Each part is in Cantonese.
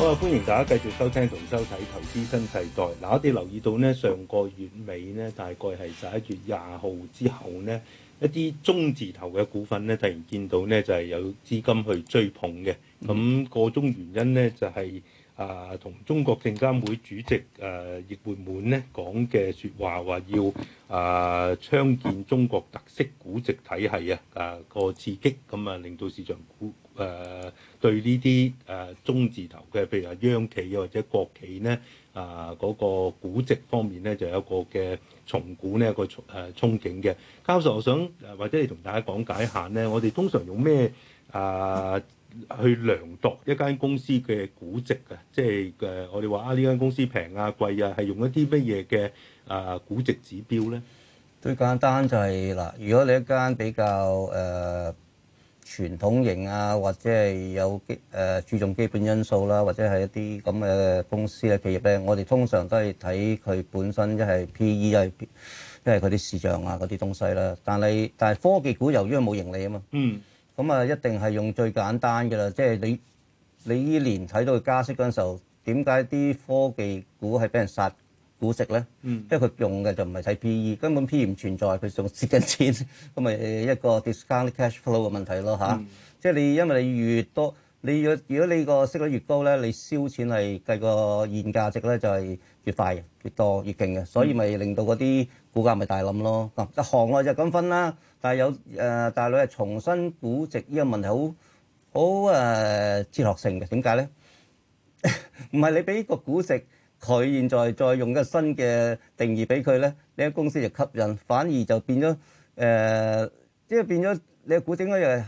好啊！歡迎大家繼續收聽同收睇《投資新世代》。嗱，我哋留意到呢，上個月尾呢，大概係十一月廿號之後呢，一啲中字頭嘅股份呢，突然見到呢就係、是、有資金去追捧嘅。咁、那個中原因呢就係、是。啊，同中國證監會主席誒易、啊、會滿咧講嘅說話，話要啊倡建中國特色估值體系啊，啊、嗰個刺激咁啊，令到市場股誒、啊、對呢啲誒中字頭嘅，譬如央企或者國企呢啊嗰、嗰個估值方面呢，就有個嘅重估咧個誒憧憬嘅。教授，我想或者你同大家講解一下呢，我哋通常用咩啊？去量度一間公司嘅估值啊，即係誒，我哋話啊呢間公司平啊貴啊，係用一啲乜嘢嘅誒估值指標咧？最簡單就係嗱，如果你一間比較誒傳統型啊，或者係有基誒注重基本因素啦，或者係一啲咁嘅公司嘅企業咧，我哋通常都係睇佢本身即係 PE 即係即係佢啲市況啊嗰啲東西啦。但係但係科技股由於佢冇盈利啊嘛。嗯咁啊，一定係用最簡單嘅啦，即係你你依年睇到佢加息嗰陣時候，點解啲科技股係俾人殺股息咧？即係佢用嘅就唔係睇 P E，根本 P E 唔存在，佢仲蝕緊錢。咁咪一個 discount cash flow 嘅問題咯吓，即係你因為你越多。你要如果你個息率越高咧，你燒錢係計個現價值咧，就係越快、越多、越勁嘅，所以咪令到嗰啲股價咪大冧咯。行內就咁分啦，但係有誒，大佬係重新估值呢個問題，好好誒哲學性嘅，點解咧？唔係你俾個估值，佢現在再用一個新嘅定義俾佢咧，你個公司就吸引，反而就變咗誒，即係變咗你個估值應該又。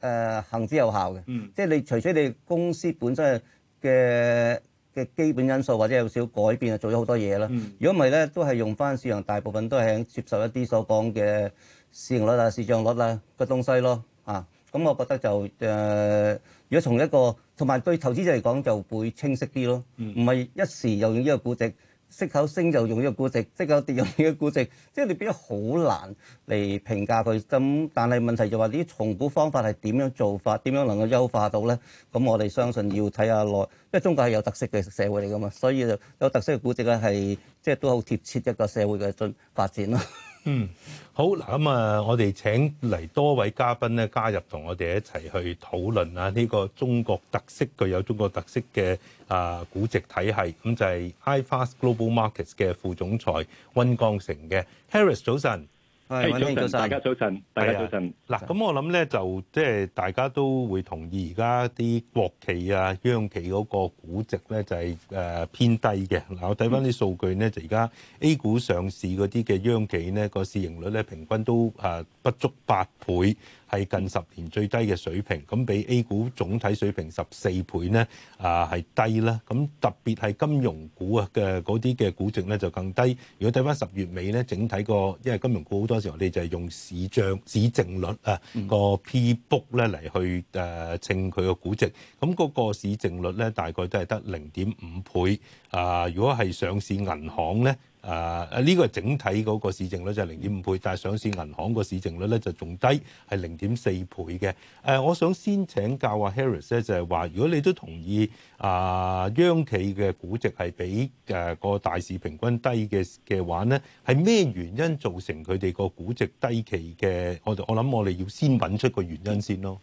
誒、呃、行之有效嘅、嗯，即係你除咗你公司本身嘅嘅基本因素，或者有少少改變，做咗好多嘢啦。如果唔係咧，都係用翻市場大部分都係喺接受一啲所講嘅市盈率啊、市漲率啊嘅東西咯。吓、啊，咁、嗯、我覺得就誒、呃，如果從一個同埋對投資者嚟講就會清晰啲咯，唔係一時又用呢個估值。息口升就用呢個估值，息口跌用呢個估值，即係你變得好難嚟評價佢。咁但係問題就話，呢啲重估方法係點樣做法？點樣能夠優化到咧？咁我哋相信要睇下落。因為中國係有特色嘅社會嚟㗎嘛，所以有特色嘅估值咧係即係都好貼切一個社會嘅進發展咯。嗯，好嗱，咁啊，我哋請嚟多位嘉賓咧，加入同我哋一齊去討論啊，呢個中國特色、具有中國特色嘅啊估值體系，咁就係 iFAST Global Markets 嘅副總裁溫鋼城嘅 Harris，早晨。Hey, 早晨，早晨，大家早晨，大家早晨。嗱、啊，咁我諗咧，就即係、就是、大家都會同意，而家啲國企啊、央企嗰個估值咧，就係、是呃、偏低嘅。嗱，我睇返啲數據咧，就而家 A 股上市嗰啲嘅央企咧，個市盈率咧平均都、呃、不足八倍。係近十年最低嘅水平，咁比 A 股總體水平十四倍呢啊係、呃、低啦。咁特別係金融股啊嘅嗰啲嘅估值咧就更低。如果睇翻十月尾咧，整體個因為金融股好多時候，我哋就係用市賬市淨率啊個 P book 咧嚟去誒稱佢個估值。咁、嗯、個、那個市淨率咧大概都係得零點五倍。啊、呃，如果係上市銀行咧。啊！呢、這個整體嗰個市淨率就係零點五倍，但係上市銀行個市淨率咧就仲低，係零點四倍嘅。誒、啊，我想先請教阿 Harris 咧，就係話，如果你都同意啊，央企嘅估值係比誒個、啊、大市平均低嘅嘅話咧，係咩原因造成佢哋個估值低企嘅？我想我諗我哋要先揾出個原因先咯。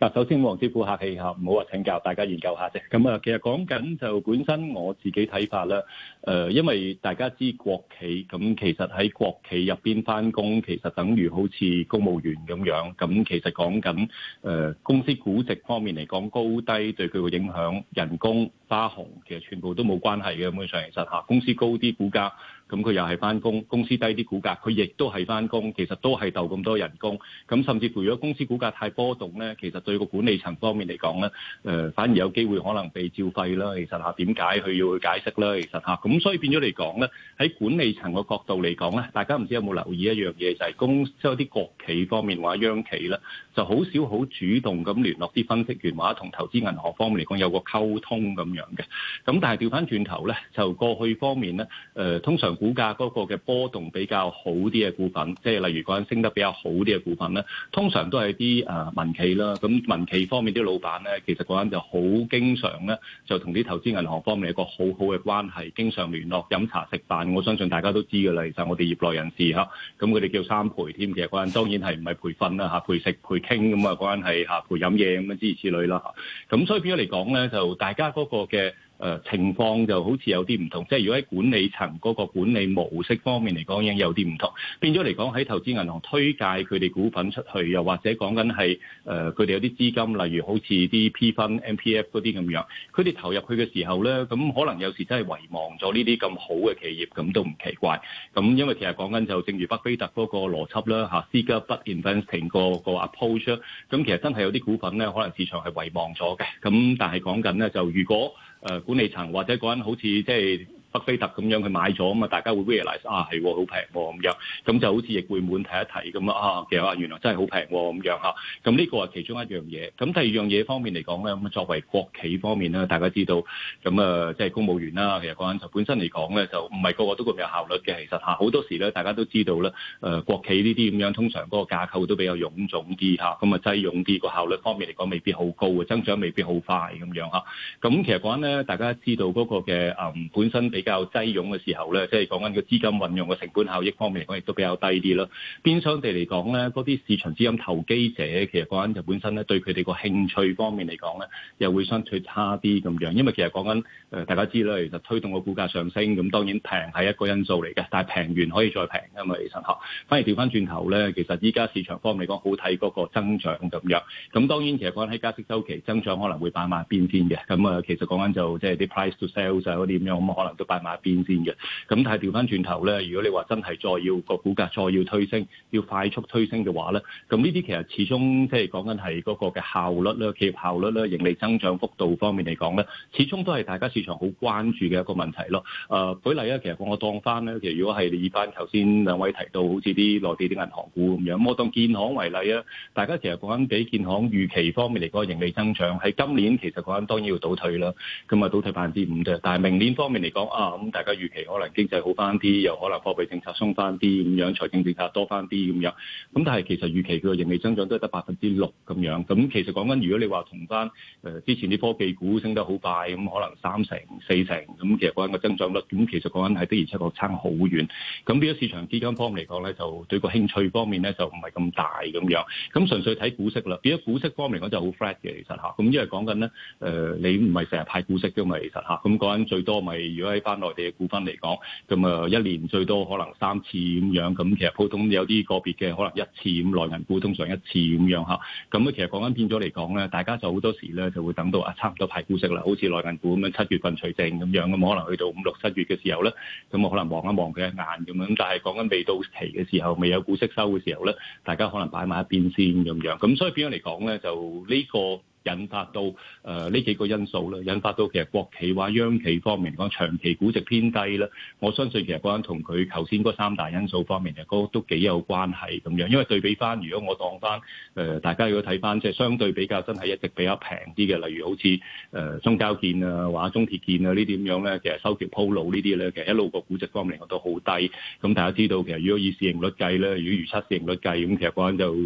嗱，首先黃師傅客氣嚇，唔好話請教，大家研究下啫。咁啊，其實講緊就本身我自己睇法啦，誒，因為大家知國企，咁其實喺國企入邊翻工，其實等於好似公務員咁樣。咁其實講緊誒公司估值方面嚟講高低，對佢嘅影響、人工、花紅，其實全部都冇關係嘅咁嘅上，其實下公司高啲股價。咁佢又係翻工，公司低啲股價，佢亦都係翻工，其實都係鬥咁多人工。咁甚至乎如果公司股價太波動咧，其實對個管理層方面嚟講咧，反而有機會可能被照費啦。其實嚇點解佢要去解釋咧？其實嚇咁所以變咗嚟講咧，喺管理層個角度嚟講咧，大家唔知有冇留意一樣嘢，就係、是、公即有啲國企方面話央企啦，就好少好主動咁聯絡啲分析員或者同投資銀行方面嚟講有個溝通咁樣嘅。咁但係調翻轉頭咧，就過去方面咧、呃，通常。股價嗰個嘅波動比較好啲嘅股份，即係例如嗰陣升得比較好啲嘅股份咧，通常都係啲誒民企啦。咁民企方面啲老闆咧，其實嗰陣就好經常咧，就同啲投資銀行方面一個好好嘅關係，經常聯絡飲茶食飯。我相信大家都知㗎啦，其實我哋業內人士嚇，咁佢哋叫三陪添嘅。嗰陣當然係唔係培訓啦嚇，陪食陪傾咁啊，嗰陣係陪飲嘢咁啊，諸如此類啦嚇。咁所以變咗嚟講咧，就大家嗰個嘅。誒、呃、情況就好似有啲唔同，即係如果喺管理層嗰、那個管理模式方面嚟講，已經有啲唔同，變咗嚟講喺投資銀行推介佢哋股份出去，又或者講緊係誒佢哋有啲資金，例如好似啲 P 分、M P F 嗰啲咁樣，佢哋投入去嘅時候咧，咁可能有時真係遺忘咗呢啲咁好嘅企業，咁都唔奇怪。咁因為其實講緊就正如北菲特嗰個邏輯啦，嚇、啊、seek a different investing 個、那個 approach，咁其實真係有啲股份咧，可能市場係遺忘咗嘅。咁但係講緊咧，就如果呃，管理層或者講，好似即係。巴菲特咁樣佢買咗啊大家會 realise 啊係好平咁樣，咁就好似亦會滿提一提咁啊啊嘅話，其實原來真係好平咁樣嚇。咁呢個係其中一樣嘢。咁第二樣嘢方面嚟講咧，咁作為國企方面咧，大家知道咁啊，即係、就是、公務員啦，其實講緊就本身嚟講咧，就唔係個個都咁有效率嘅。其實嚇好多時咧，大家都知道咧，誒、呃、國企呢啲咁樣，通常嗰個架構都比較臃腫啲嚇，咁啊擠擁啲，個效率方面嚟講未必好高嘅，增長未必好快咁樣嚇。咁其實講緊咧，大家知道嗰個嘅誒本身。比較擠擁嘅時候咧，即係講緊個資金運用嘅成本效益方面嚟講，亦都比較低啲咯。變相地嚟講咧，嗰啲市場資金投機者，其實講緊就本身咧，對佢哋個興趣方面嚟講咧，又會相對差啲咁樣。因為其實講緊誒，大家知啦，其實推動個股價上升，咁當然平係一個因素嚟嘅，但係平完可以再平啊嘛，其實吓反而調翻轉頭咧，其實依家市場方面嚟講，好睇嗰個增長咁樣。咁當然，其實講緊喺加息周期，增長可能會擺埋邊先嘅。咁啊，其實講緊就即係啲 price to sales 啊嗰啲咁樣，咁可能都。大碼變線嘅，咁但係調翻轉頭咧，如果你話真係再要個股價再要推升，要快速推升嘅話咧，咁呢啲其實始終即係講緊係嗰個嘅效率咧，企業效率咧，盈利增長幅度方面嚟講咧，始終都係大家市場好關注嘅一個問題咯。誒，舉例咧，其實我當翻咧，其實如果係以翻頭先兩位提到，好似啲內地啲銀行股咁樣，我當建行為例啊，大家其實講緊俾建行預期方面嚟講，盈利增長喺今年其實講緊當然要倒退啦，咁啊倒退百分之五啫，但係明年方面嚟講啊。啊，咁大家預期可能經濟好翻啲，又可能貨幣政策鬆翻啲，咁樣財政政策多翻啲，咁樣，咁但係其實預期佢個盈利增長都係得百分之六咁樣，咁其實講緊如果你話同翻誒之前啲科技股升得好快，咁可能三成四成，咁其實講緊個增長率，咁其實講緊係的而且確差好遠，咁變咗市場基金方面嚟講咧，就對個興趣方面咧就唔係咁大咁樣，咁純粹睇股息啦，變咗股息方面嚟講就好 flat 嘅其實嚇，咁因為講緊咧誒，你唔係成日派股息啫嘛，其實嚇，咁講緊最多咪、就是、如果喺。翻內地嘅股份嚟講，咁啊一年最多可能三次咁樣，咁其實普通有啲個別嘅可能一次咁內銀股通常一次咁樣嚇，咁啊其實講緊變咗嚟講咧，大家就好多時咧就會等到啊差唔多派股息啦，好似內銀股咁樣七月份除淨咁樣，咁可能去到五六七月嘅時候咧，咁我可能望一望佢一眼咁樣，但係講緊未到期嘅時候，未有股息收嘅時候咧，大家可能擺埋一邊先咁樣，咁所以變咗嚟講咧就呢個。引發到誒呢、呃、幾個因素啦，引發到其實國企或央企方面講長期估值偏低啦。我相信其實嗰陣同佢頭先嗰三大因素方面嘅都幾有關係咁樣。因為對比翻，如果我當翻誒、呃、大家如果睇翻即係相對比較真係一直比較平啲嘅，例如好似誒、呃、中交建啊、或者中鐵建啊這這呢啲咁樣咧，其實收橋鋪路呢啲咧，其實一路個估值方面我都好低。咁大家知道其實如果以市盈率計咧，如果預測市盈率計咁其實嗰陣就。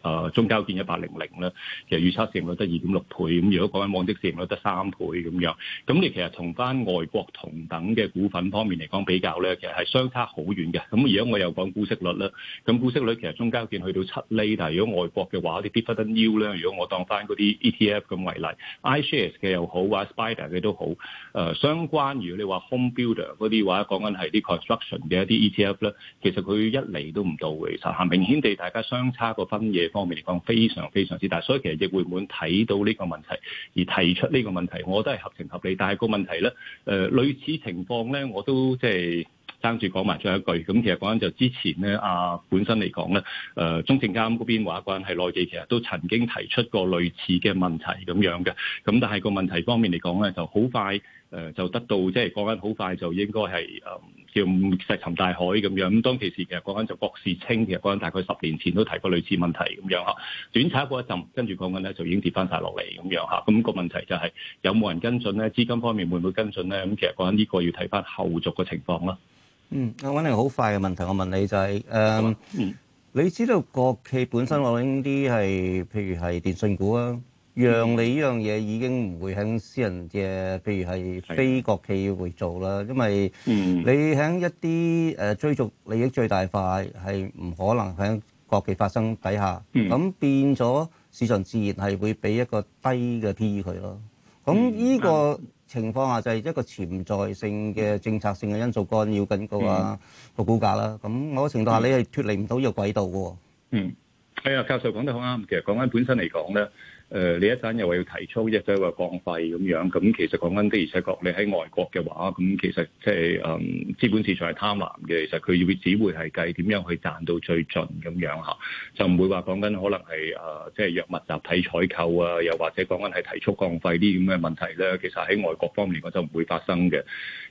誒、呃、中交建一八零零咧，其實預測市盈率得二點六倍，咁如果講緊往績市盈率得三倍咁樣，咁你其實同翻外國同等嘅股份方面嚟講比較咧，其實係相差好遠嘅。咁如果我又講股息率咧，咁股息率其實中交建去到七厘，但係如果外國嘅話，啲 b i t f u n new 咧，如果我當翻嗰啲 ETF 咁為例，iShares 嘅又好，或者 Spider 嘅都好，誒、呃、相關如果你話 home builder 嗰啲話，講緊係啲 construction 嘅一啲 ETF 咧，其實佢一釐都唔到，其實係明顯地大家相差個分野。方面嚟講，非常非常之大，所以其實亦會唔會睇到呢個問題而提出呢個問題，我覺得係合情合理。但係個問題呢，誒、呃，類似情況呢，我都即、就、係、是、爭住講埋最後一句。咁、嗯、其實講緊就之前呢，阿、啊、本身嚟講呢，誒、呃，中證監嗰邊話，個人係內地，其實都曾經提出過類似嘅問題咁樣嘅。咁、嗯、但係個問題方面嚟講呢，就好快。誒就得到即係講緊好快就應該係誒叫石沉大海咁樣。咁當其時其實講緊就郭士清其實講緊大概十年前都提過類似問題咁樣嚇。短炒一陣，跟住講緊咧就已經跌翻晒落嚟咁樣嚇。咁、那個問題就係、是、有冇人跟進咧？資金方面會唔會跟進咧？咁其實講緊呢個要睇翻後續嘅情況啦。嗯，阿 v i 好快嘅問題，我問你就係、是、嗯，嗯你知道國企本身我嗰啲係譬如係電信股啊？嗯、讓你呢樣嘢已經唔會喺私人嘅，譬如係非國企會做啦，因為你喺一啲誒追逐利益最大化係唔、嗯、可能喺國企發生底下，咁、嗯、變咗市場自然係會俾一個低嘅 P/E 佢咯。咁、嗯、呢個情況下就係一個潛在性嘅、嗯、政策性嘅因素干擾緊個話、嗯那個股價啦。咁某程度下你係脱離唔到呢個軌道嘅喎。嗯，係呀，教授講得好啱。其實講緊本身嚟講咧。誒、呃、你一陣又話要提速，一陣又話降費咁樣，咁其實講緊的而且確，你喺外國嘅話，咁其實即係誒資本市場係貪婪嘅，其實佢會只會係計點樣去賺到最盡咁樣吓，就唔會話講緊可能係誒即係藥物集體採購啊，又或者講緊係提速降費啲咁嘅問題咧，其實喺外國方面我就唔會發生嘅，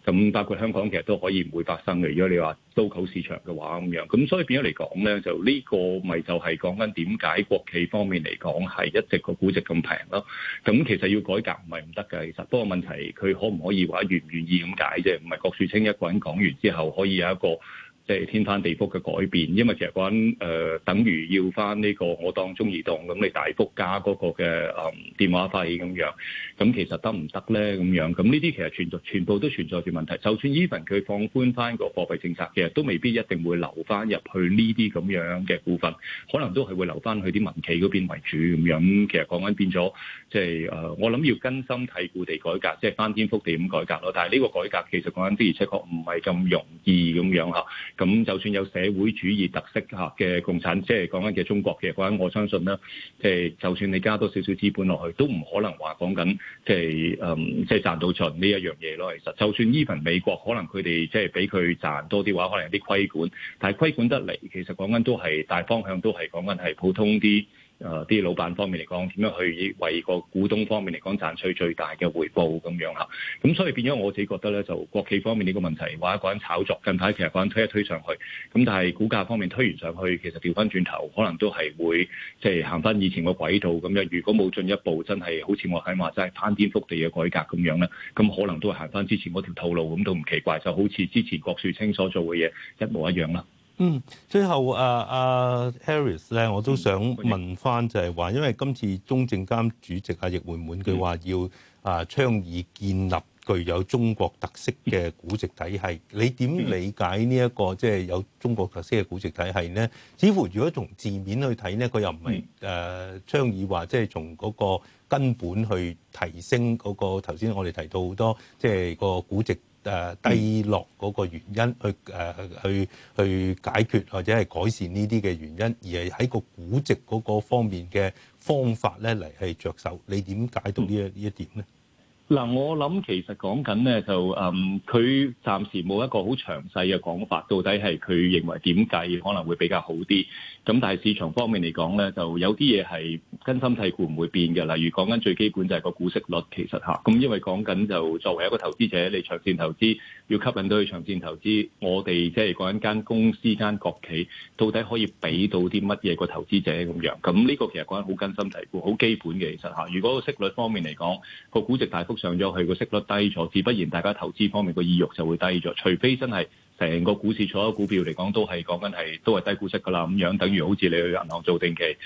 咁包括香港其實都可以唔會發生嘅，如果你話刀口市場嘅話咁樣，咁所以變咗嚟講咧，就呢個咪就係講緊點解國企方面嚟講係一直個股值咁平咯，咁其實要改革唔係唔得嘅，其實不過問題，佢可唔可以話願唔願意咁解啫，唔係郭樹清一個人講完之後，可以有一個。 即係天翻地覆嘅改變，因為其實講緊、呃、等於要翻呢個我當中移動咁，你大幅加嗰個嘅誒、嗯、電話費咁樣，咁其實得唔得咧？咁樣咁呢啲其實存在全部都存在住問題。就算 Even 佢放寬翻個貨幣政策，其實都未必一定會留翻入去呢啲咁樣嘅股份，可能都係會留翻去啲民企嗰邊為主咁樣。其實講緊變咗，即係誒，我諗要根深蒂固地改革，即係翻天覆地咁改革咯。但係呢個改革其實講緊的而且確唔係咁容易咁樣吓。咁就算有社會主義特色嘅共產，即係講緊嘅中國嘅話，我相信咧，即係、就算你加多少少資本落去，都唔可能話講緊即係誒，即係賺到盡呢一樣嘢咯。其實，就算 even 美國，可能佢哋即係俾佢賺多啲話，可能有啲規管，但係規管得嚟，其實講緊都係大方向，都係講緊係普通啲。誒啲老闆方面嚟講，點樣去為個股東方面嚟講賺取最大嘅回報咁樣嚇？咁所以變咗我自己覺得咧，就國企方面呢個問題，話一個人炒作，近排其實個人推一推上去，咁但係股價方面推完上去，其實調翻轉頭，可能都係會即係行翻以前個軌道咁樣。如果冇進一步，真係好似我喺話齋翻天覆地嘅改革咁樣咧，咁可能都係行翻之前嗰條套路，咁都唔奇怪，就好似之前郭樹清所做嘅嘢一模一樣啦。嗯，最後啊啊 Harris 咧，我都想問翻，就係話，因為今次中證監主席阿、啊、易會滿佢話要啊倡議建立具有中國特色嘅估值體系，你點理解呢一個即係有中國特色嘅估值體系咧？似乎如果從字面去睇咧，佢又唔係誒倡議話，即係從嗰個根本去提升嗰個頭先我哋提到好多，即係個估值。誒低落嗰個原因，去誒去去解決或者係改善呢啲嘅原因，而係喺個估值嗰個方面嘅方法咧嚟係着手，你點解讀呢一呢一點咧？嗱，我諗其實講緊咧就誒，佢暫時冇一個好詳細嘅講法，到底係佢認為點計可能會比較好啲。咁但係市場方面嚟講咧，就有啲嘢係根深蒂固唔會變嘅，例如講緊最基本就係個股息率，其實嚇咁，因為講緊就作為一個投資者，你長線投資要吸引到去長線投資，我哋即係講緊間公司間國企，到底可以俾到啲乜嘢個投資者咁樣？咁呢個其實講緊好根深蒂固、好基本嘅，其實嚇。如果個息率方面嚟講，個估值大幅。上咗去個息率低咗，自不然大家投資方面個意欲就會低咗。除非真係成個股市所有股票嚟講都係講緊係都係低股息噶啦，咁樣等於好似你去銀行做定期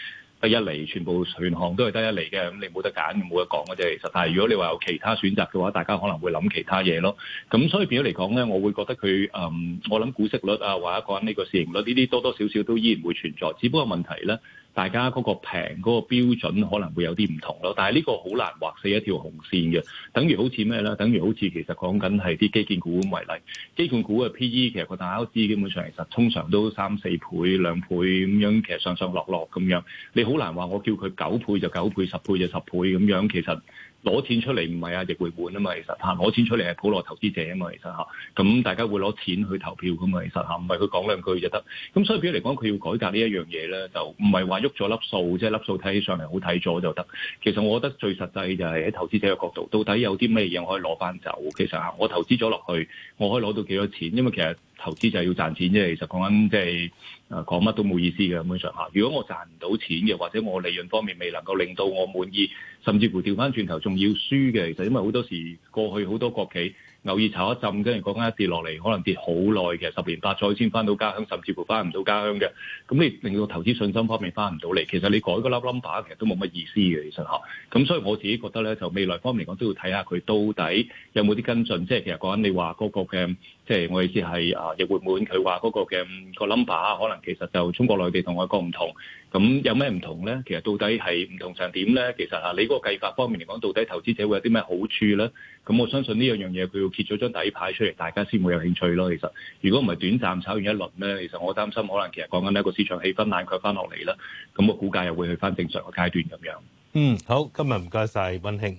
得一釐全部全行都係得一釐嘅，咁你冇得揀，冇得講嘅啫。其實，但係如果你話有其他選擇嘅話，大家可能會諗其他嘢咯。咁所以變咗嚟講咧，我會覺得佢嗯，我諗股息率啊，或者講緊呢個,個市盈率呢啲多多少少都依然會存在，只不過問題咧。大家嗰個平嗰個標準可能會有啲唔同咯，但係呢個好難劃死一條紅線嘅。等於好似咩咧？等於好似其實講緊係啲基建股咁為例，基建股嘅 PE 其實個大家都知，基本上其實通常都三四倍、兩倍咁樣，其實上上落落咁樣，你好難話我叫佢九倍就九倍，十倍就十倍咁樣，其實。攞錢出嚟唔係啊，逆回本啊嘛，其實吓攞錢出嚟係普羅投資者啊嘛，嘛，其實吓咁大家會攞錢去投票噶嘛，其實吓唔係佢講兩句就得。咁所以譬如嚟講，佢要改革呢一樣嘢咧，就唔係話喐咗粒數，即係粒數睇起上嚟好睇咗就得。其實我覺得最實際就係喺投資者嘅角度，到底有啲咩嘢可以攞翻走？其實吓我投資咗落去，我可以攞到幾多錢？因為其實。投資就係要賺錢啫，其實講緊即係誒講乜都冇意思嘅，基本上嚇。如果我賺唔到錢嘅，或者我利潤方面未能夠令到我滿意，甚至乎調翻轉頭仲要輸嘅，其實因為好多時過去好多國企牛市炒一陣，跟住嗰間一跌落嚟，可能跌好耐嘅，其實十年八載先翻到家鄉，甚至乎翻唔到家鄉嘅。咁你令到投資信心方面翻唔到嚟，其實你改個粒 number 其實都冇乜意思嘅，其實嚇。咁所以我自己覺得咧，就未來方面嚟講，都要睇下佢到底有冇啲跟進，即係其實講緊你話嗰、嗰個嘅。即係我意思係啊，亦會滿佢話嗰個嘅、嗰個 number 可能其實就中國內地同外國唔同，咁有咩唔同咧？其實到底係唔同上點咧？其實啊，你嗰個計法方面嚟講，到底投資者會有啲咩好處咧？咁我相信呢兩樣嘢佢要揭咗張底牌出嚟，大家先會有興趣咯。其實如果唔係短暫炒完一輪咧，其實我擔心可能其實講緊一個市場氣氛冷卻翻落嚟啦，咁個股價又會去翻正常嘅階段咁樣。嗯，好，今日唔該晒溫鋼城。